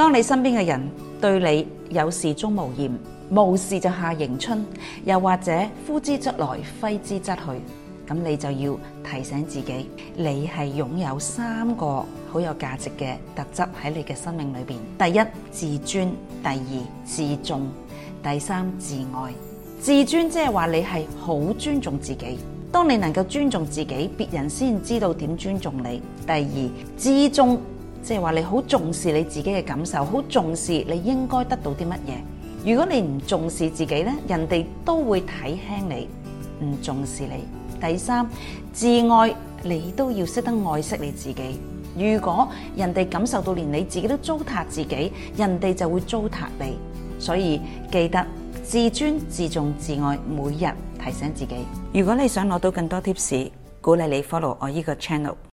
當你身邊嘅人對你有事鍾無艷，無事就夏迎春，又或者呼之則來，揮之則去，咁你就要提醒自己，你係擁有三個好有價值嘅特質喺你嘅生命裏邊。第一，自尊；第二，自重；第三，自愛。自尊即係話你係好尊重自己。當你能夠尊重自己，別人先知道點尊重你。第二，自重。即係話你好重視你自己嘅感受，好重視你應該得到啲乜嘢。如果你唔重視自己呢，人哋都會睇輕你，唔重視你。第三，自愛，你都要識得愛惜你自己。如果人哋感受到連你自己都糟蹋自己，人哋就會糟蹋你。所以記得自尊、自重、自愛，每日提醒自己。如果你想攞到更多 tips，鼓勵你 follow 我呢個 channel。